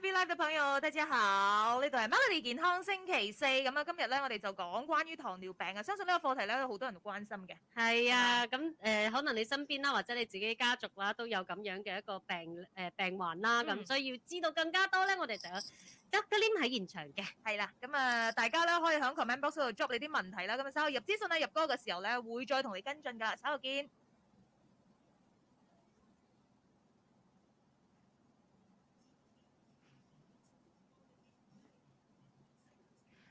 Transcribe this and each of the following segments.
Be Live 嘅朋友大家好，呢度係 Melody 健康星期四咁啊，今日咧我哋就講關於糖尿病啊，相信呢個課題咧好多人都關心嘅。係啊，咁誒、啊呃，可能你身邊啦，或者你自己家族啦，都有咁樣嘅一個病誒、呃、病患啦，咁、嗯、所以要知道更加多咧，我哋就有 Dr Lim 喺現場嘅。係啦、啊，咁、嗯、啊，大家咧可以喺 comment box 度 drop 你啲問題啦，咁稍後入資訊咧入歌嘅時候咧會再同你跟進噶，稍後見。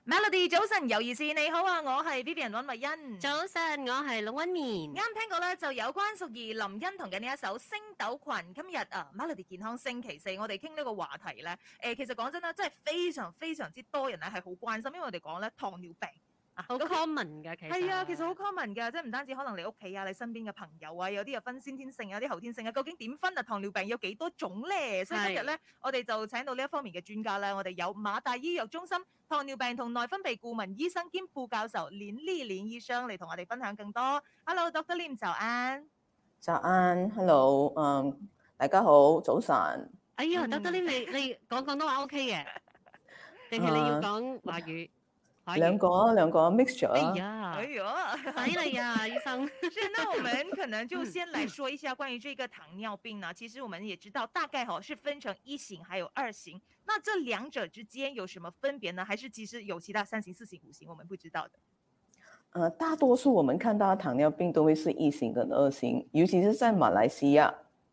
Melody 早晨，尤怡倩你好啊，我係 Vivian 溫慧欣。早晨，我係老溫綿。啱啱聽過咧，就有關淑儀、林欣彤嘅呢一首《星斗群》。今日啊，Melody 健康星期四，我哋傾呢個話題咧。誒、呃，其實講真啦，真係非常非常之多人咧係好關心，因為我哋講咧糖尿病。好 common 嘅，其實係啊，其實好 common 嘅，即係唔單止可能你屋企啊、你身邊嘅朋友啊，有啲又分先天性，有啲後天性啊。究竟點分啊？糖尿病有幾多種咧？所以今日咧，我哋就請到呢一方面嘅專家咧，我哋有馬大醫藥中心糖尿病同內分泌顧問醫生兼副教授連呢連醫生嚟同我哋分享更多。Hello，Dr. Lim 早安，早安，Hello，嗯、um，大家好，早晨。哎呀，Dr. Lim 你，你講廣東話 OK 嘅，定係你要講華語？兩個、哎、呀兩個 mixture 哎呀，哎呦，死啦呀，醫生。是，那我們可能就先來說一下關於這個糖尿病呢。其實我們也知道，大概嗬是分成一型，還有二型。那這兩者之間有什麼分別呢？還是其實有其他三型、四型、五型，我們不知道的。呃，大多數我們看到的糖尿病都會是一型跟二型，尤其是在馬來西亞。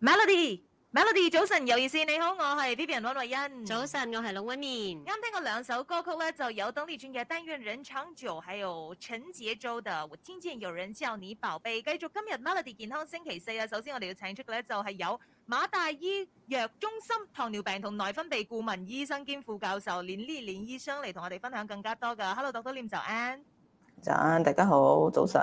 Melody，Melody，Mel 早晨有意思，你好，我係 Vivian 羅瑞欣。早晨，我係盧永綿。啱聽過兩首歌曲咧，就有鄧麗君嘅《但願人長久》，還有陳傑州的《我聽見有人叫你寶貝》。繼續今日 Melody 健康星期四啊，首先我哋要請出嘅咧就係有馬大醫藥中心糖尿病同內分泌顧問醫生兼副教授連麗蓮醫生嚟同我哋分享更加多嘅。Hello，doctor Lim，早安，早安，大家好，早晨。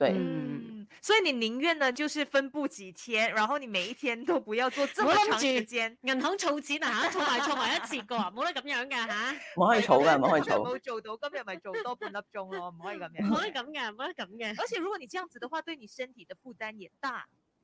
對嗯，所以你寧願呢，就是分布幾天，然後你每一天都不要做咁長時間。銀 行儲錢、啊，儲埋儲埋一次過啊？冇得咁樣噶吓。唔可以儲噶，冇可以儲。冇做到今日咪做多半粒鐘咯，唔可以咁樣。 唔可以咁嘅，冇可以咁嘅。 而且如果你這樣子嘅話，對你身體嘅負擔也大。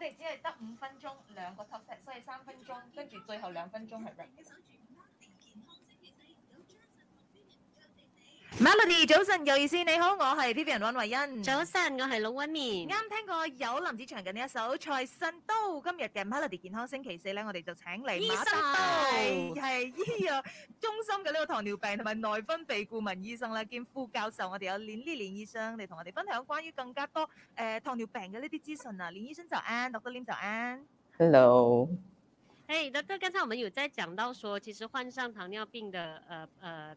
我哋只係得五分鐘，兩個 topic，所以三分鐘。跟住最後兩分鐘係咩？Melody，早晨有意思，你好，我係 Vivian 尹慧欣。早晨，我係老 y。啱聽過有林子祥嘅呢一首《財神到》，今日嘅 Melody 健康星期四咧，我哋就請嚟醫生、哦，係係醫藥中心嘅呢個糖尿病同埋內分泌顧問醫生咧，兼副教授，我哋有連呢連醫生嚟同我哋分享關於更加多誒糖尿病嘅呢啲資訊啊，連醫生就啱，doctor 連就啱。Hello，誒、hey，咁即係剛才我們有在講到說，其實患上糖尿病嘅，誒、呃、誒。呃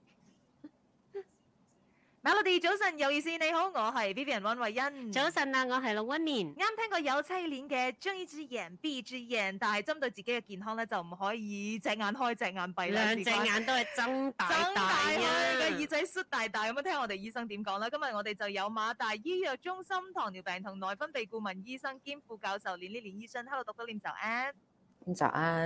Melody，早晨，有意思，你好，我係 Vivian 溫慧欣。早晨啊，我係陸溫年。啱聽過有妻戀嘅張之言、B 之言，但係針對自己嘅健康咧，就唔可以隻眼開隻眼閉啦，兩隻眼都係睜大大、啊、大，大大，個耳仔縮大大，咁啊聽下我哋醫生點講啦。今日我哋就有馬大醫藥中心糖尿病同內分泌顧問醫生兼副教授連呢蓮醫生，Hello，讀到念就誒，念就啊。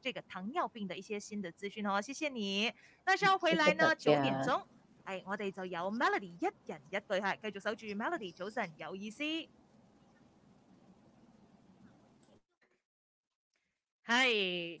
這個糖尿病的一些新的資訊哦，謝謝你。那之要回來呢，九點鐘，係 Yeah.、哎、我哋就有 Melody 一人一句，係，繼續守住 Melody 早晨，有意思，係。